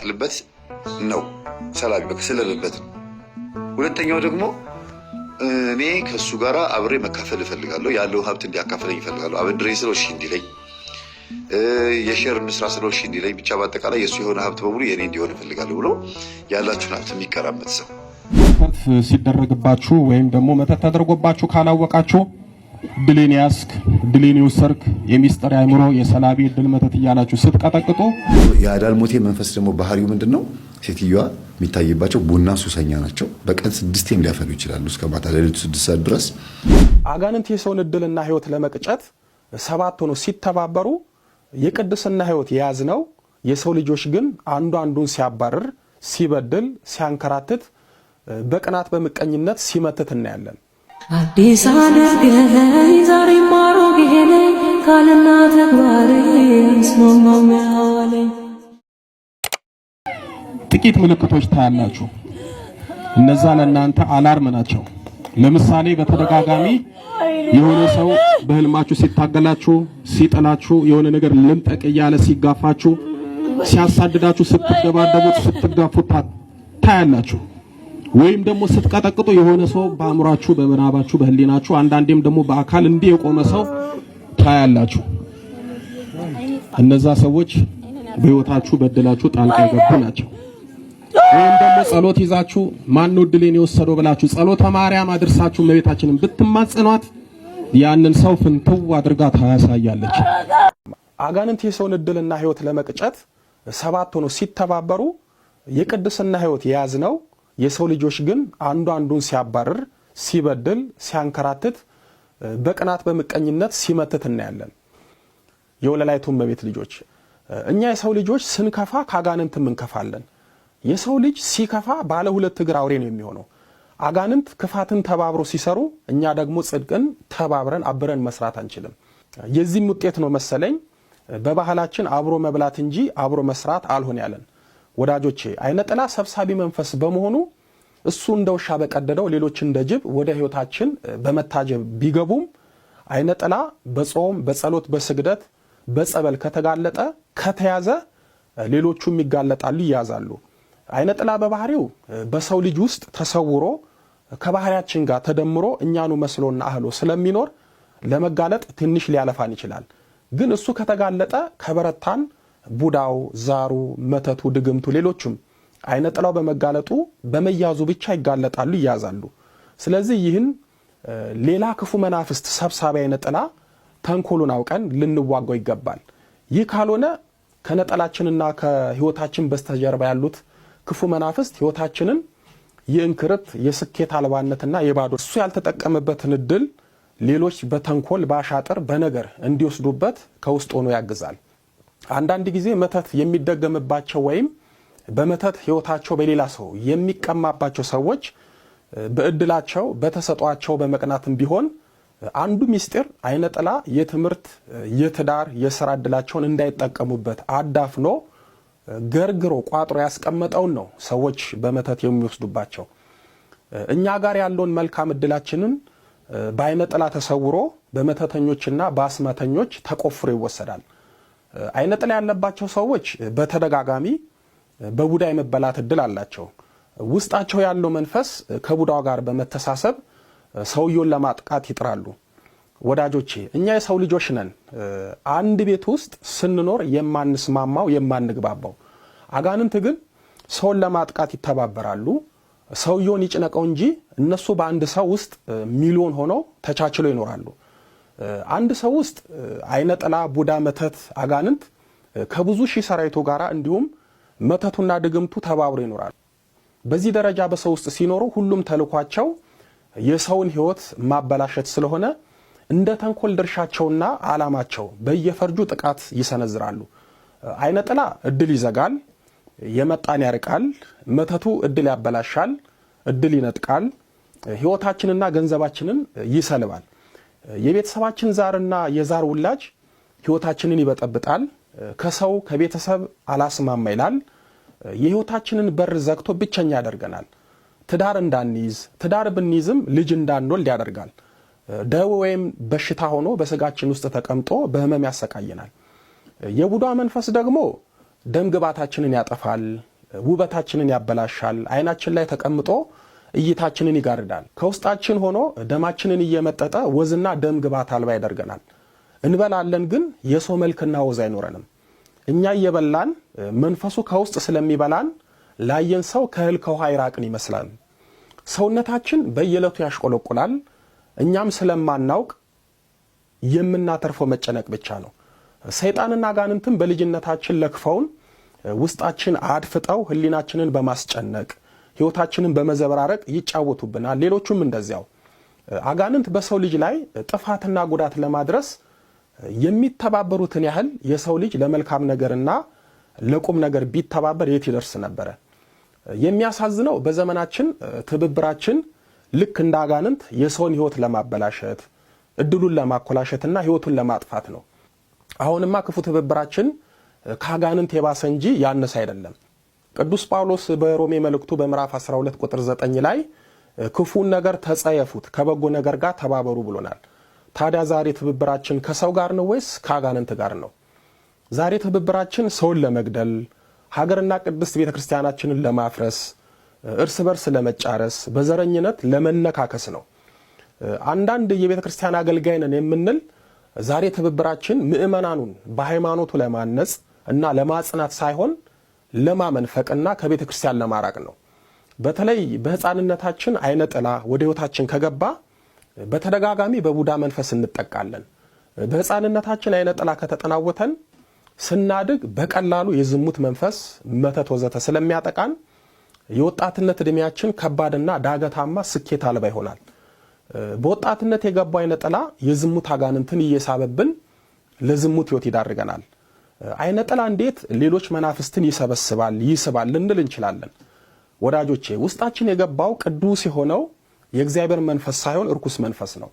ስለሚቃጥልበት ነው። ሰላቢ ስለለበት ነው። ሁለተኛው ደግሞ እኔ ከእሱ ጋር አብሬ መካፈል እፈልጋለሁ። ያለው ሀብት እንዲያካፍለኝ እፈልጋለሁ። አበድሬ ስለው እሺ እንዲለኝ፣ የሼር ምስራ ስለው እሺ እንዲለኝ፣ ብቻ በአጠቃላይ የእሱ የሆነ ሀብት በሙሉ የእኔ እንዲሆን እፈልጋለሁ ብሎ ያላችሁን ሀብት የሚቀራመት ሰው ሲደረግባችሁ ወይም ደግሞ መተት ተደርጎባችሁ ካላወቃችሁ ድሌን ያስክ ድሌን ሰርክ የሚስጥር አይምሮ የሰላቢ ድል መተት እያላችሁ ስትቀጠቅጡ የአዳልሞቴ መንፈስ ደግሞ ባህሪው ምንድን ነው? ሴትዮዋ የሚታይባቸው ቡና ሱሰኛ ናቸው። በቀን ስድስቴም ሊያፈሉ ይችላሉ። እስከ ማታ ለሌሊቱ ስድስት ሰዓት ድረስ አጋንንት የሰውን እድልና ህይወት ለመቅጨት ሰባት ሆኖ ሲተባበሩ የቅድስና ህይወት የያዝ ነው። የሰው ልጆች ግን አንዱ አንዱን ሲያባርር፣ ሲበድል፣ ሲያንከራትት፣ በቅናት በምቀኝነት ሲመትት እናያለን። አዲስ አድርገኸኝ ዛሬም አሮጌ ነኝ ተግባሬ ጥቂት ምልክቶች ታያላችሁ። እነዛ ለእናንተ አላርም ናቸው። ለምሳሌ በተደጋጋሚ የሆነ ሰው በህልማችሁ ሲታገላችሁ፣ ሲጥላችሁ፣ የሆነ ነገር ልምጠቅ እያለ ሲጋፋችሁ፣ ሲያሳድዳችሁ፣ ስትደባደቡት፣ ስትጋፉት ታያላችሁ። ወይም ደግሞ ስትቀጠቅጡ የሆነ ሰው በአእምሯችሁ፣ በምናባችሁ፣ በህሊናችሁ አንዳንዴም ደግሞ በአካል እንዲህ የቆመ ሰው ታያላችሁ። እነዛ ሰዎች በህይወታችሁ በደላችሁ ጣልቃ ገቡ ናቸው። ወይም ደግሞ ጸሎት ይዛችሁ ማን ነው እድሌን የወሰደው ብላችሁ ጸሎተ ማርያም አድርሳችሁ እመቤታችንን ብትማጽኗት ያንን ሰው ፍንትው አድርጋ ታያሳያለች። አጋንንት የሰውን እድልና ህይወት ለመቅጨት ሰባት ሆኖ ሲተባበሩ የቅድስና ህይወት የያዝነው የሰው ልጆች ግን አንዱ አንዱን ሲያባርር፣ ሲበድል፣ ሲያንከራትት፣ በቅናት በምቀኝነት ሲመትት እናያለን። የወለላይቱ በቤት ልጆች እኛ የሰው ልጆች ስንከፋ ከአጋንንትም እንከፋለን። የሰው ልጅ ሲከፋ ባለ ሁለት እግር አውሬ ነው የሚሆነው። አጋንንት ክፋትን ተባብሮ ሲሰሩ፣ እኛ ደግሞ ጽድቅን ተባብረን አብረን መስራት አንችልም። የዚህም ውጤት ነው መሰለኝ በባህላችን አብሮ መብላት እንጂ አብሮ መስራት አልሆን ያለን። ወዳጆቼ አይነ ጥላ ሰብሳቢ መንፈስ በመሆኑ እሱ እንደ ውሻ በቀደደው ሌሎች እንደ ጅብ ወደ ህይወታችን በመታጀብ ቢገቡም አይነ ጥላ በጾም በጸሎት በስግደት በጸበል ከተጋለጠ ከተያዘ ሌሎቹም ይጋለጣሉ ይያዛሉ አይነ ጥላ በባህሪው በሰው ልጅ ውስጥ ተሰውሮ ከባህሪያችን ጋር ተደምሮ እኛኑ መስሎና አህሎ ስለሚኖር ለመጋለጥ ትንሽ ሊያለፋን ይችላል ግን እሱ ከተጋለጠ ከበረታን ቡዳው ዛሩ መተቱ ድግምቱ ሌሎቹም አይነ ጥላው በመጋለጡ በመያዙ ብቻ ይጋለጣሉ፣ ይያዛሉ። ስለዚህ ይህን ሌላ ክፉ መናፍስት ሰብሳቢ አይነ ጥላ ተንኮሉን አውቀን ልንዋገው ይገባል። ይህ ካልሆነ ከነጠላችንና ከህይወታችን በስተጀርባ ያሉት ክፉ መናፍስት ህይወታችንን የእንክርት የስኬት አልባነትና የባዶ እሱ ያልተጠቀመበትን እድል ሌሎች በተንኮል በአሻጥር በነገር እንዲወስዱበት ከውስጥ ሆኖ ያግዛል። አንዳንድ ጊዜ መተት የሚደገምባቸው ወይም በመተት ህይወታቸው በሌላ ሰው የሚቀማባቸው ሰዎች በእድላቸው በተሰጧቸው በመቅናትም ቢሆን አንዱ ሚስጢር አይነጥላ የትምህርት፣ የትዳር፣ የስራ እድላቸውን እንዳይጠቀሙበት አዳፍኖ ገርግሮ ቋጥሮ ያስቀመጠውን ነው ሰዎች በመተት የሚወስዱባቸው። እኛ ጋር ያለውን መልካም እድላችንን በአይነጥላ ተሰውሮ በመተተኞችና በአስማተኞች ተቆፍሮ ይወሰዳል። አይነጥላ ያለባቸው ሰዎች በተደጋጋሚ በቡዳ የመበላት እድል አላቸው። ውስጣቸው ያለው መንፈስ ከቡዳው ጋር በመተሳሰብ ሰውየውን ለማጥቃት ይጥራሉ። ወዳጆቼ እኛ የሰው ልጆች ነን። አንድ ቤት ውስጥ ስንኖር የማንስማማው የማንግባባው፣ አጋንንት ግን ሰውን ለማጥቃት ይተባበራሉ። ሰውየውን ይጭነቀው እንጂ እነሱ በአንድ ሰው ውስጥ ሚሊዮን ሆነው ተቻችለው ይኖራሉ። አንድ ሰው ውስጥ አይነጠላ፣ ቡዳ፣ መተት፣ አጋንንት ከብዙ ሺህ ሰራዊቱ ጋር እንዲሁም መተቱና ድግምቱ ተባብሮ ይኖራል። በዚህ ደረጃ በሰው ውስጥ ሲኖሩ ሁሉም ተልኳቸው የሰውን ህይወት ማበላሸት ስለሆነ እንደ ተንኮል ድርሻቸውና አላማቸው በየፈርጁ ጥቃት ይሰነዝራሉ። አይነ ጥላ እድል ይዘጋል፣ የመጣን ያርቃል። መተቱ እድል ያበላሻል፣ እድል ይነጥቃል፣ ህይወታችንና ገንዘባችንን ይሰልባል። የቤተሰባችን ዛርና የዛር ውላጅ ህይወታችንን ይበጠብጣል። ከሰው ከቤተሰብ አላስማማ ይላል። የህይወታችንን በር ዘግቶ ብቸኛ ያደርገናል። ትዳር እንዳንይዝ፣ ትዳር ብንይዝም ልጅ እንዳንወልድ ያደርጋል። ደዌ ወይም በሽታ ሆኖ በስጋችን ውስጥ ተቀምጦ በህመም ያሰቃየናል። የቡዳ መንፈስ ደግሞ ደም ግባታችንን ያጠፋል፣ ውበታችንን ያበላሻል፣ አይናችን ላይ ተቀምጦ እይታችንን ይጋርዳል። ከውስጣችን ሆኖ ደማችንን እየመጠጠ ወዝና ደም ግባት አልባ ያደርገናል። እንበላለን፣ ግን የሰው መልክና ወዝ አይኖረንም። እኛ እየበላን መንፈሱ ከውስጥ ስለሚበላን ላየን ሰው ከእህል ከውሃ ይራቅን ይመስላል። ሰውነታችን በየዕለቱ ያሽቆለቁላል። እኛም ስለማናውቅ የምናተርፈው መጨነቅ ብቻ ነው። ሰይጣንና አጋንንትም በልጅነታችን ለክፈውን ውስጣችን አድፍጠው ህሊናችንን በማስጨነቅ ህይወታችንን በመዘበራረቅ ይጫወቱብናል። ሌሎቹም እንደዚያው። አጋንንት በሰው ልጅ ላይ ጥፋትና ጉዳት ለማድረስ የሚተባበሩትን ያህል የሰው ልጅ ለመልካም ነገርና ለቁም ነገር ቢተባበር የት ይደርስ ነበረ? የሚያሳዝነው በዘመናችን ትብብራችን ልክ እንደ አጋንንት የሰውን ሕይወት ለማበላሸት እድሉን ለማኮላሸትና ሕይወቱን ለማጥፋት ነው። አሁንማ ክፉ ትብብራችን ከአጋንንት የባሰ እንጂ ያነሰ አይደለም። ቅዱስ ጳውሎስ በሮሜ መልእክቱ በምዕራፍ 12 ቁጥር 9 ላይ ክፉን ነገር ተጸየፉት፣ ከበጎ ነገር ጋር ተባበሩ ብሎናል። ታዲያ ዛሬ ትብብራችን ከሰው ጋር ነው ወይስ ከአጋንንት ጋር ነው? ዛሬ ትብብራችን ሰውን ለመግደል፣ ሀገርና ቅድስት ቤተ ክርስቲያናችንን ለማፍረስ፣ እርስ በርስ ለመጫረስ፣ በዘረኝነት ለመነካከስ ነው። አንዳንድ የቤተ ክርስቲያን አገልጋይ ነን የምንል ዛሬ ትብብራችን ምእመናኑን በሃይማኖቱ ለማነጽ እና ለማጽናት ሳይሆን ለማመንፈቅና ከቤተ ክርስቲያን ለማራቅ ነው። በተለይ በሕፃንነታችን አይነ ጥላ ወደ ሕይወታችን ከገባ በተደጋጋሚ በቡዳ መንፈስ እንጠቃለን። በሕፃንነታችን አይነ ጥላ ከተጠናወተን ስናድግ በቀላሉ የዝሙት መንፈስ፣ መተት ወዘተ ስለሚያጠቃን የወጣትነት ዕድሜያችን ከባድና ዳገታማ ስኬት አልባ ይሆናል። በወጣትነት የገባው አይነ ጥላ የዝሙት አጋንንትን እየሳበብን ለዝሙት ሕይወት ይዳርገናል። አይነ ጥላ እንዴት ሌሎች መናፍስትን ይሰበስባል፣ ይስባል ልንል እንችላለን። ወዳጆቼ ውስጣችን የገባው ቅዱስ የሆነው የእግዚአብሔር መንፈስ ሳይሆን እርኩስ መንፈስ ነው።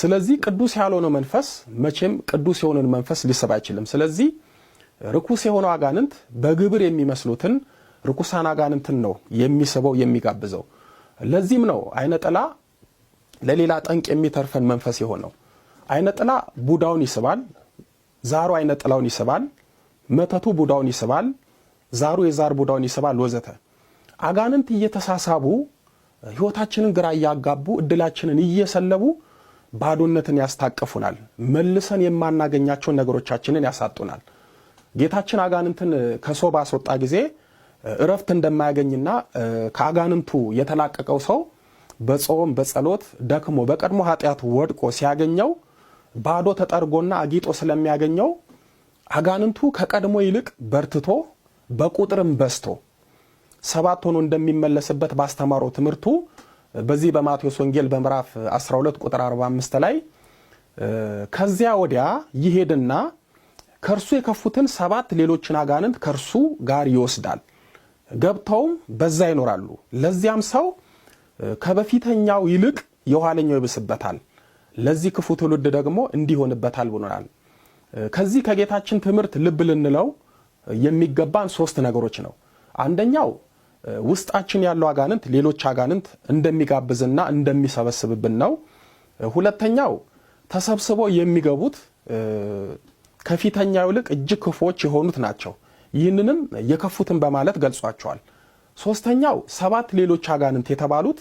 ስለዚህ ቅዱስ ያልሆነ መንፈስ መቼም ቅዱስ የሆነን መንፈስ ሊስብ አይችልም። ስለዚህ ርኩስ የሆነው አጋንንት በግብር የሚመስሉትን ርኩሳን አጋንንትን ነው የሚስበው የሚጋብዘው። ለዚህም ነው አይነ ጥላ ለሌላ ጠንቅ የሚተርፈን መንፈስ የሆነው። አይነ ጥላ ቡዳውን ይስባል፣ ዛሩ አይነ ጥላውን ይስባል፣ መተቱ ቡዳውን ይስባል፣ ዛሩ የዛር ቡዳውን ይስባል ወዘተ አጋንንት እየተሳሳቡ ህይወታችንን ግራ እያጋቡ እድላችንን እየሰለቡ ባዶነትን ያስታቅፉናል። መልሰን የማናገኛቸውን ነገሮቻችንን ያሳጡናል። ጌታችን አጋንንትን ከሰው ባስወጣ ጊዜ እረፍት እንደማያገኝና ከአጋንንቱ የተላቀቀው ሰው በጾም በጸሎት ደክሞ በቀድሞ ኃጢአቱ ወድቆ ሲያገኘው ባዶ ተጠርጎና አጊጦ ስለሚያገኘው አጋንንቱ ከቀድሞ ይልቅ በርትቶ በቁጥርም በዝቶ ሰባት ሆኖ እንደሚመለስበት ባስተማረው ትምህርቱ በዚህ በማቴዎስ ወንጌል በምዕራፍ 12 ቁጥር 45 ላይ ከዚያ ወዲያ ይሄድና ከእርሱ የከፉትን ሰባት ሌሎችን አጋንንት ከእርሱ ጋር ይወስዳል፣ ገብተውም በዛ ይኖራሉ። ለዚያም ሰው ከበፊተኛው ይልቅ የኋለኛው ይብስበታል፣ ለዚህ ክፉ ትውልድ ደግሞ እንዲሆንበታል ብሎናል። ከዚህ ከጌታችን ትምህርት ልብ ልንለው የሚገባን ሶስት ነገሮች ነው። አንደኛው ውስጣችን ያለው አጋንንት ሌሎች አጋንንት እንደሚጋብዝና እንደሚሰበስብብን ነው። ሁለተኛው ተሰብስበው የሚገቡት ከፊተኛው ይልቅ እጅግ ክፉዎች የሆኑት ናቸው። ይህንንም የከፉትን በማለት ገልጿቸዋል። ሶስተኛው ሰባት ሌሎች አጋንንት የተባሉት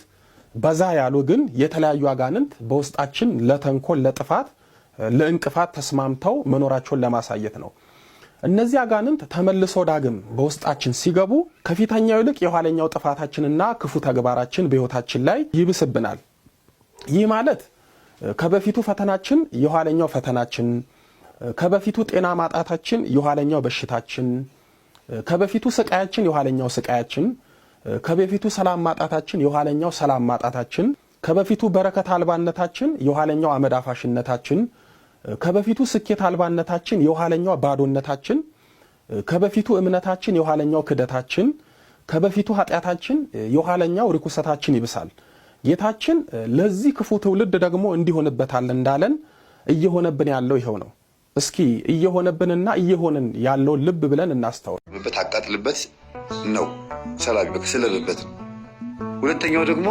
በዛ ያሉ ግን የተለያዩ አጋንንት በውስጣችን ለተንኮል፣ ለጥፋት፣ ለእንቅፋት ተስማምተው መኖራቸውን ለማሳየት ነው። እነዚህ አጋንንት ተመልሶ ዳግም በውስጣችን ሲገቡ ከፊተኛው ይልቅ የኋለኛው ጥፋታችንና ክፉ ተግባራችን በሕይወታችን ላይ ይብስብናል። ይህ ማለት ከበፊቱ ፈተናችን የኋለኛው ፈተናችን፣ ከበፊቱ ጤና ማጣታችን የኋለኛው በሽታችን፣ ከበፊቱ ስቃያችን የኋለኛው ስቃያችን፣ ከበፊቱ ሰላም ማጣታችን የኋለኛው ሰላም ማጣታችን፣ ከበፊቱ በረከት አልባነታችን የኋለኛው አመዳፋሽነታችን አፋሽነታችን ከበፊቱ ስኬት አልባነታችን የኋለኛው ባዶነታችን፣ ከበፊቱ እምነታችን የኋለኛው ክደታችን፣ ከበፊቱ ኃጢአታችን የኋለኛው ርኩሰታችን ይብሳል። ጌታችን ለዚህ ክፉ ትውልድ ደግሞ እንዲሆንበታል እንዳለን እየሆነብን ያለው ይኸው ነው። እስኪ እየሆነብንና እየሆንን ያለውን ልብ ብለን እናስተውል። አቃጥልበት ነው ሰላቢ ስለልበት ነው። ሁለተኛው ደግሞ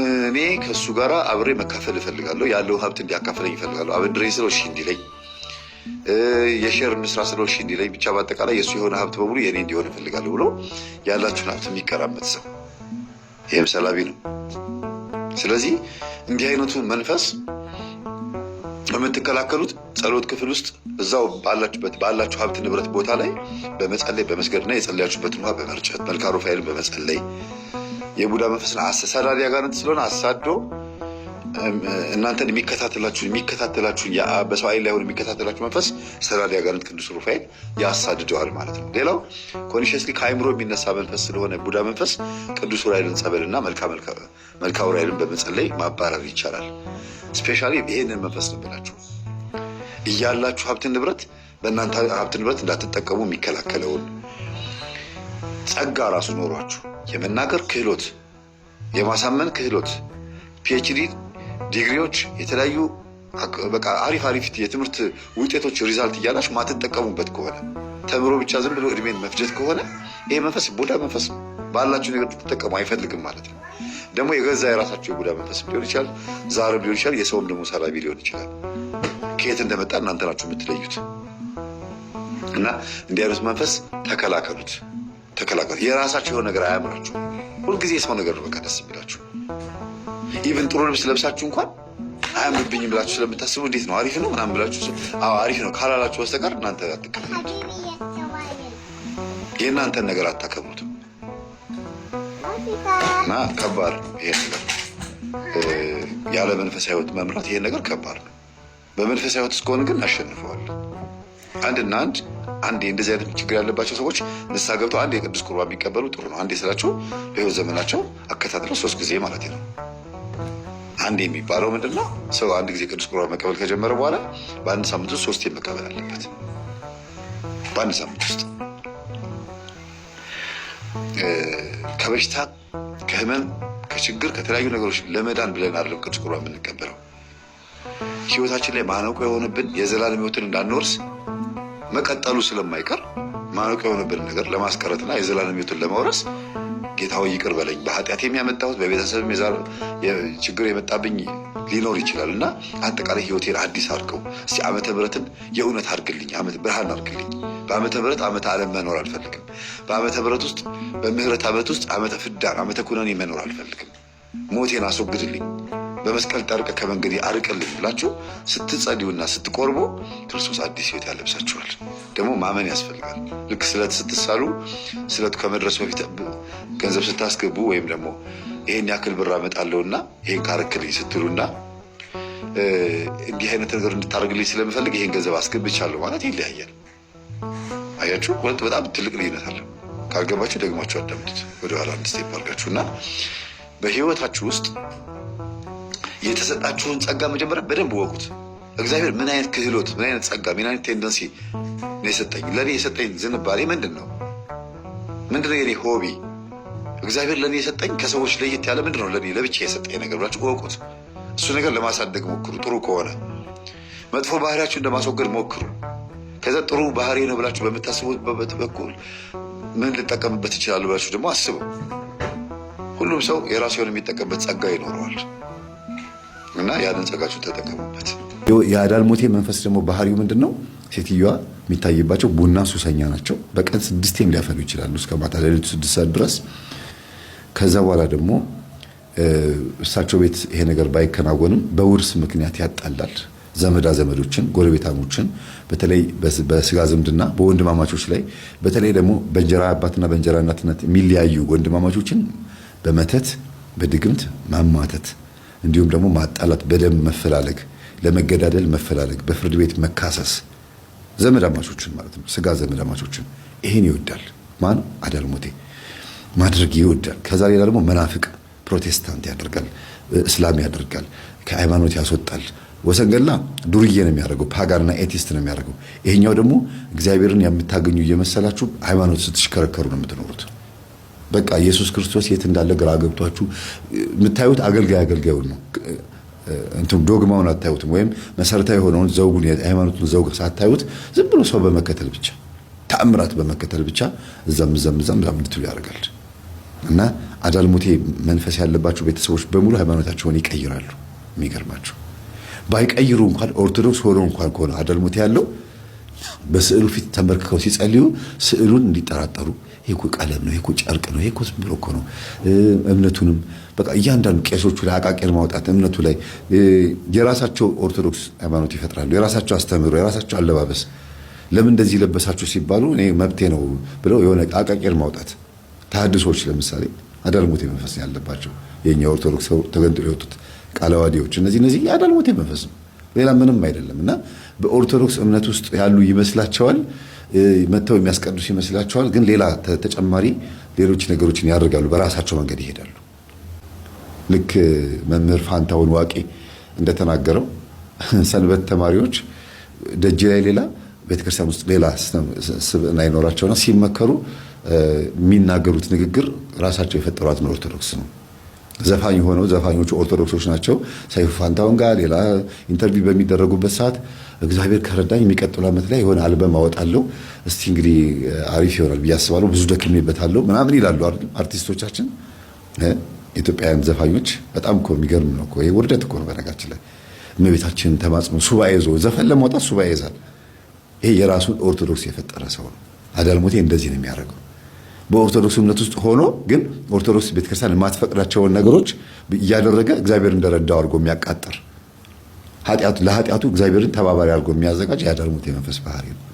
እኔ ከእሱ ጋር አብሬ መካፈል እፈልጋለሁ። ያለው ሀብት እንዲያካፍለኝ ይፈልጋለሁ። አበድሬ ስለው እሺ እንዲለኝ፣ የሼር እንስራ ስለው እሺ እንዲለኝ፣ ብቻ በአጠቃላይ የእሱ የሆነ ሀብት በሙሉ የእኔ እንዲሆን እፈልጋለሁ ብሎ ያላችሁን ሀብት የሚቀራመት ሰው ይህም ሰላቢ ነው። ስለዚህ እንዲህ አይነቱን መንፈስ የምትከላከሉት ጸሎት ክፍል ውስጥ እዛው ባላችሁበት ባላችሁ ሀብት ንብረት ቦታ ላይ በመጸለይ በመስገድና የጸለያችሁበትን ውሃ በመርጨት መልካ ሩፋኤልን በመጸለይ የቡዳ መንፈስን አሳዳሪ አጋንንት ስለሆነ አሳዶ እናንተን የሚከታተላችሁን የሚከታተላችሁን በሰው አይን ላይሆን የሚከታተላችሁ መንፈስ አሳዳሪ አጋንንት ቅዱስ ሩፋኤል ያሳድደዋል ማለት ነው። ሌላው ኮንሽስሊ ከአይምሮ የሚነሳ መንፈስ ስለሆነ ቡዳ መንፈስ ቅዱስ ራይልን ጸበልና መልካ ራይልን በመጸለይ ማባረር ይቻላል። ስፔሻሊ ይሄንን መንፈስ ነበራችሁ እያላችሁ ሀብት ንብረት በእናንተ ሀብት ንብረት እንዳትጠቀሙ የሚከላከለውን ጸጋ ራሱ ኖሯችሁ የመናገር ክህሎት፣ የማሳመን ክህሎት፣ ፒኤችዲ ዲግሪዎች፣ የተለያዩ በቃ አሪፍ አሪፍ የትምህርት ውጤቶች ሪዛልት እያላችሁ ማትጠቀሙበት ከሆነ ተምሮ ብቻ ዝም ብሎ እድሜን መፍጀት ከሆነ ይሄ መንፈስ ቦዳ መንፈስ ባላችሁ ነገር ትጠቀሙ አይፈልግም ማለት ነው። ደግሞ የገዛ የራሳቸው የቡዳ መንፈስ ሊሆን ይችላል፣ ዛርም ሊሆን ይችላል፣ የሰውም ደግሞ ሰራቢ ሊሆን ይችላል። ከየት እንደመጣ እናንተ ናችሁ የምትለዩት። እና እንዲህ አይነት መንፈስ ተከላከሉት፣ ተከላከሉት። የራሳቸው የሆነ ነገር አያምራችሁ። ሁልጊዜ የሰው ነገር ነው በቃ ደስ የሚላችሁ። ኢቭን ጥሩ ልብስ ለብሳችሁ እንኳን አያምርብኝም ብላችሁ ስለምታስቡ እንዴት ነው አሪፍ ነው ምናምን ብላችሁ አሪፍ ነው ካላላችሁ በስተቀር እናንተ አትከብሩት፣ የእናንተን ነገር አታከብሩት። እና ከባድ ይሄ ነገር ያለ መንፈሳዊ ህይወት መምራት ይሄ ነገር ከባድ ነው። በመንፈሳዊ ህይወት እስከሆነ ግን አሸንፈዋል። አንድና አንድ አንድ እንደዚህ አይነት ችግር ያለባቸው ሰዎች ንስሐ ገብተው አንድ የቅዱስ ቁርባን የሚቀበሉ ጥሩ ነው። አንዴ ስላቸው በሕይወት ዘመናቸው አከታትለው ሶስት ጊዜ ማለት ነው። አንድ የሚባለው ምንድን ነው? ሰው አንድ ጊዜ ቅዱስ ቁርባን መቀበል ከጀመረ በኋላ በአንድ ሳምንት ውስጥ ሶስቴ መቀበል አለበት። በአንድ ሳምንት ውስጥ ከበሽታ ከህመም ከችግር ከተለያዩ ነገሮች ለመዳን ብለን አይደለም ቅዱስ ቁርባን የምንቀበለው። ህይወታችን ላይ ማነቆ የሆነብን የዘላለም ህይወትን እንዳንወርስ መቀጠሉ ስለማይቀር ማነቆ የሆነብን ነገር ለማስቀረትና የዘላለም ህይወትን ለማውረስ ጌታ ሆይ ይቅር በለኝ፣ በኃጢአት የሚያመጣሁት በቤተሰብ ችግር የመጣብኝ ሊኖር ይችላል እና አጠቃላይ ህይወቴን አዲስ አድርገው እስቲ ዓመተ ምሕረትን የእውነት አድርግልኝ፣ ብርሃን አድርግልኝ በዓመተ ምሕረት ዓመተ ዓለም መኖር አልፈልግም። በዓመተ ምሕረት ውስጥ በምህረት ዓመት ውስጥ ዓመተ ፍዳን ዓመተ ኩነኔ መኖር አልፈልግም። ሞቴን አስወግድልኝ፣ በመስቀል ጠርቀ ከመንገድ አርቅልኝ ብላችሁ ስትጸልዩና ስትቆርቡ ክርስቶስ አዲስ ሕይወት ያለብሳችኋል። ደግሞ ማመን ያስፈልጋል። ልክ ስለት ስትሳሉ ስለቱ ከመድረሱ በፊት ገንዘብ ስታስገቡ ወይም ደግሞ ይሄን ያክል ብር አመጣለሁና ይሄን ካረክልኝ ስትሉና እንዲህ አይነት ነገር እንድታደርግልኝ ስለምፈልግ ይሄን ገንዘብ አስገብቻለሁ ማለት ይለያያል። አያችሁ፣ ሁለት በጣም ትልቅ ልዩነት አለ። ካልገባችሁ ደግማችሁ አዳምጡት ወደኋላ አንድ ስቴፕ አድርጋችሁ እና በህይወታችሁ ውስጥ የተሰጣችሁን ጸጋ መጀመሪያ በደንብ ወቁት። እግዚአብሔር ምን አይነት ክህሎት፣ ምን አይነት ጸጋ፣ ምን አይነት ቴንደንሲ ነው የሰጠኝ? ለእኔ የሰጠኝ ዝንባሌ ምንድን ነው? ምንድን ነው የኔ ሆቢ? እግዚአብሔር ለእኔ የሰጠኝ ከሰዎች ለየት ያለ ምንድን ነው? ለእኔ ለብቻ የሰጠኝ ነገር ብላችሁ ወቁት። እሱ ነገር ለማሳደግ ሞክሩ። ጥሩ ከሆነ መጥፎ ባህሪያችሁን ለማስወገድ ሞክሩ። ከዛ ጥሩ ባህሪ ነው ብላችሁ በምታስቡበት በኩል ምን ልጠቀምበት ይችላሉ ብላችሁ ደግሞ አስበው። ሁሉም ሰው የራሱ የሆነ የሚጠቀምበት ጸጋ ይኖረዋል እና ያንን ጸጋችሁ ተጠቀሙበት። የአዳልሞቴ መንፈስ ደግሞ ባህሪው ምንድን ነው? ሴትዮዋ የሚታይባቸው ቡና ሱሰኛ ናቸው። በቀን ስድስቴም ሊያፈሉ ይችላሉ እስከ ማታ ሌሊቱ ስድስት ሰዓት ድረስ። ከዛ በኋላ ደግሞ እሳቸው ቤት ይሄ ነገር ባይከናወንም በውርስ ምክንያት ያጣላል። ዘመዳ ዘመዶችን፣ ጎረቤታሞችን በተለይ በስጋ ዝምድና በወንድማማቾች ላይ በተለይ ደግሞ በእንጀራ አባትና በእንጀራ እናትነት የሚለያዩ ወንድማማቾችን በመተት በድግምት ማማተት እንዲሁም ደግሞ ማጣላት፣ በደም መፈላለግ፣ ለመገዳደል መፈላለግ፣ በፍርድ ቤት መካሰስ ዘመዳማቾችን ማለት ነው። ስጋ ዘመዳማቾችን ይሄን ይወዳል። ማን አዳልሞቴ ማድረግ ይወዳል። ከዛ ሌላ ደግሞ መናፍቅ ፕሮቴስታንት ያደርጋል፣ እስላም ያደርጋል፣ ከሃይማኖት ያስወጣል። ወሰንገላ ዱርዬ ነው የሚያደርገው፣ ፓጋንና ኤቲስት ነው የሚያደርገው። ይሄኛው ደግሞ እግዚአብሔርን የምታገኙ እየመሰላችሁ ሃይማኖት ስትሽከረከሩ ነው የምትኖሩት። በቃ ኢየሱስ ክርስቶስ የት እንዳለ ግራ ገብቷችሁ የምታዩት አገልጋይ አገልጋዩን ነው እንትም ዶግማውን አታዩትም። ወይም መሰረታዊ የሆነውን ዘውጉን የሃይማኖቱን ዘውግ ሳታዩት ዝም ብሎ ሰው በመከተል ብቻ ተአምራት በመከተል ብቻ እዛም እዛም እዛም እዛም እንድትሉ ያደርጋል። እና አዳልሞቴ መንፈስ ያለባቸው ቤተሰቦች በሙሉ ሃይማኖታቸውን ይቀይራሉ። የሚገርማቸው ባይቀይሩ እንኳን ኦርቶዶክስ ሆኖ እንኳን ከሆነ አዳልሞት ያለው በስዕሉ ፊት ተንበርክከው ሲጸልዩ ስዕሉን እንዲጠራጠሩ ይሄ እኮ ቀለም ነው፣ ይሄ እኮ ጨርቅ ነው፣ ይሄ እኮ ብሎ እኮ ነው። እምነቱንም በቃ እያንዳንዱ ቄሶቹ ላይ አቃቄር ማውጣት እምነቱ ላይ የራሳቸው ኦርቶዶክስ ሃይማኖት ይፈጥራሉ። የራሳቸው አስተምህሮ፣ የራሳቸው አለባበስ። ለምን እንደዚህ ለበሳችሁ ሲባሉ እኔ መብቴ ነው ብለው የሆነ አቃቄር ማውጣት። ተሐድሶዎች ለምሳሌ አዳልሞት መንፈስ ያለባቸው የኛ ኦርቶዶክስ ተገንጥሎ የወጡት ቃለዋዲዎች፣ እነዚህ እነዚህ ያዳል መንፈስ ነው፣ ሌላ ምንም አይደለም። እና በኦርቶዶክስ እምነት ውስጥ ያሉ ይመስላቸዋል፣ መጥተው የሚያስቀድሱ ይመስላቸዋል። ግን ሌላ ተጨማሪ ሌሎች ነገሮችን ያደርጋሉ፣ በራሳቸው መንገድ ይሄዳሉ። ልክ መምህር ፋንታውን ዋቂ እንደተናገረው ሰንበት ተማሪዎች ደጅ ላይ ሌላ ቤተክርስቲያን ውስጥ ሌላ ስብዕና ይኖራቸውና ሲመከሩ የሚናገሩት ንግግር ራሳቸው የፈጠሯትን ኦርቶዶክስ ነው። ዘፋኝ ሆነው ዘፋኞቹ ኦርቶዶክሶች ናቸው። ሰይፉ ፋንታውን ጋር ሌላ ኢንተርቪው በሚደረጉበት ሰዓት እግዚአብሔር ከረዳኝ የሚቀጥሉ ዓመት ላይ የሆነ አልበም አወጣለሁ፣ እስቲ እንግዲህ አሪፍ ይሆናል ብዬ አስባለሁ፣ ብዙ ደክሜበታለሁ ምናምን ይላሉ አርቲስቶቻችን። ኢትዮጵያውያን ዘፋኞች በጣም እኮ የሚገርም ነው እኮ ይሄ ውርደት እኮ ነው። በነጋችን ላይ እመቤታችን ተማጽኖ ሱባ ይዞ ዘፈን ለማውጣት ሱባ ይዛል። ይሄ የራሱን ኦርቶዶክስ የፈጠረ ሰው ነው። አዳልሞቴ እንደዚህ ነው የሚያደርገው። በኦርቶዶክስ እምነት ውስጥ ሆኖ ግን ኦርቶዶክስ ቤተክርስቲያን የማትፈቅዳቸውን ነገሮች እያደረገ እግዚአብሔር እንደረዳው አድርጎ የሚያቃጥር ለኃጢአቱ እግዚአብሔርን ተባባሪ አድርጎ የሚያዘጋጅ ያደርሙት የመንፈስ ባህሪ ነው።